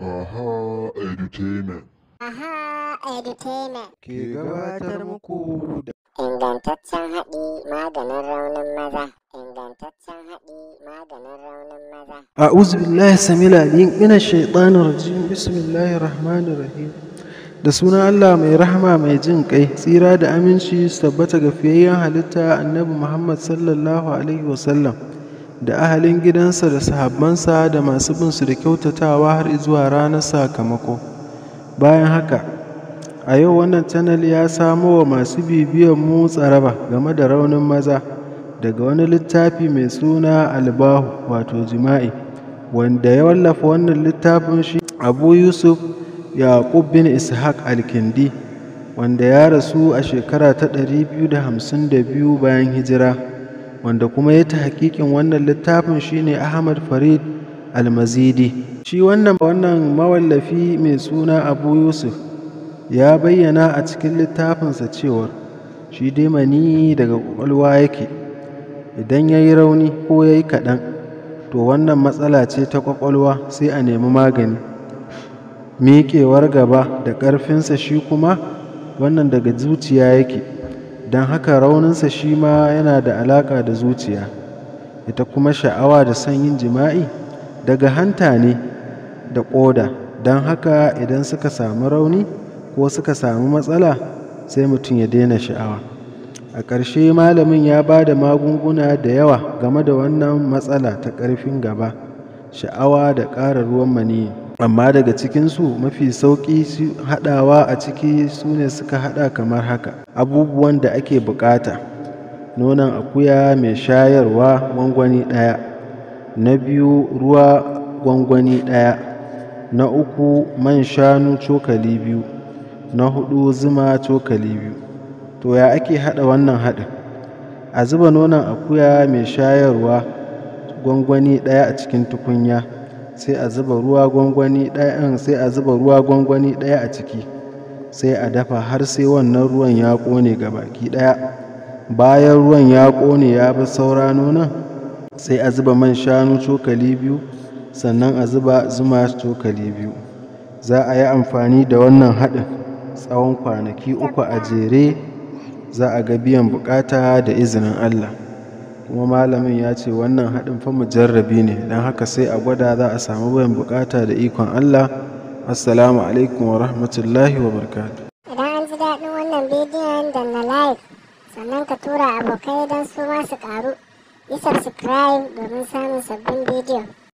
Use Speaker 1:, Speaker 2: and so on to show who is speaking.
Speaker 1: Aha Edutainment. Aha Edutainment. Ke gabatar muku da ingantaccen haɗi maganin raunin maza. Ingantaccen haɗi maganin raunin maza. A'udhu billahi samil alim min ash-shaytanir rajim. Bismillahir rahmanir rahim. Da sunan Allah mai rahama mai jin kai, tsira da aminci su tabbata ga fiyayyen halitta Annabi Muhammad sallallahu alaihi wasallam. da ahalin gidansa da sahabbansa da masu binsu da kyautatawa har zuwa ranar sakamako bayan haka a yau wannan canal ya samo wa masu bibiyan mu tsaraba game da raunin maza daga wani littafi mai suna albahu wato jima'i wanda ya wallafa wannan littafin shi abu yusuf yaqub bin ishaq alkindi wanda ya rasu a shekara ta 252 bayan hijira wanda kuma ya hakikin wannan littafin shine Ahmad Farid Almazidi shi wannan wannan mawallafi mai suna Abu Yusuf ya bayyana a cikin littafinsa cewar shi dai mani daga kwakwalwa yake idan ya yi rauni ko ya yi kaɗan to wannan matsala ce ta kwakwalwa sai a nemi magani miƙewar gaba da ƙarfinsa shi kuma wannan daga zuciya yake don haka rauninsa shi ma yana da alaƙa da zuciya ita kuma sha'awa da son yin jima'i daga hanta ne da ƙoda don haka idan suka samu rauni ko suka samu matsala sai mutum ya daina sha'awa a ƙarshe malamin ya ba da magunguna da yawa game da wannan matsala ta ƙarfin gaba sha'awa da ƙara ruwan maniyi amma daga cikinsu mafi sauƙi haɗawa a ciki su ne suka haɗa kamar haka abubuwan da ake buƙata nonon akuya mai shayarwa gwangwani ɗaya na biyu ruwa gwangwani ɗaya na uku man shanu cokali biyu na hudu zuma cokali biyu to ya ake haɗa wannan haɗin a zuba nonon akuya mai shayarwa gwangwani ɗaya a cikin tukunya sai a zuba ruwa gwangwani eh, sai a zuba ruwa gwangwani ɗaya a ciki sai a dafa har sai wannan ruwan ya ƙone ga baki ɗaya bayan ruwan ya ƙone ya bi saura nuna, sai a zuba man shanu cokali biyu sannan a zuba zuma cokali biyu za a yi amfani da wannan haɗin tsawon kwanaki uku a jere za a ga biyan buƙata da izinin allah kuma malamin ya ce wannan haɗin fa mujarrabi ne don haka sai a gwada za a samu bayan bukata da ikon Allah assalamu alaikum wa rahmatullahi wa barkatu. idan an ji daɗin wannan bidiyon da na live sannan ka tura abokai don su ma karu ƙaru yi subscribe domin samun sabbin bidiyo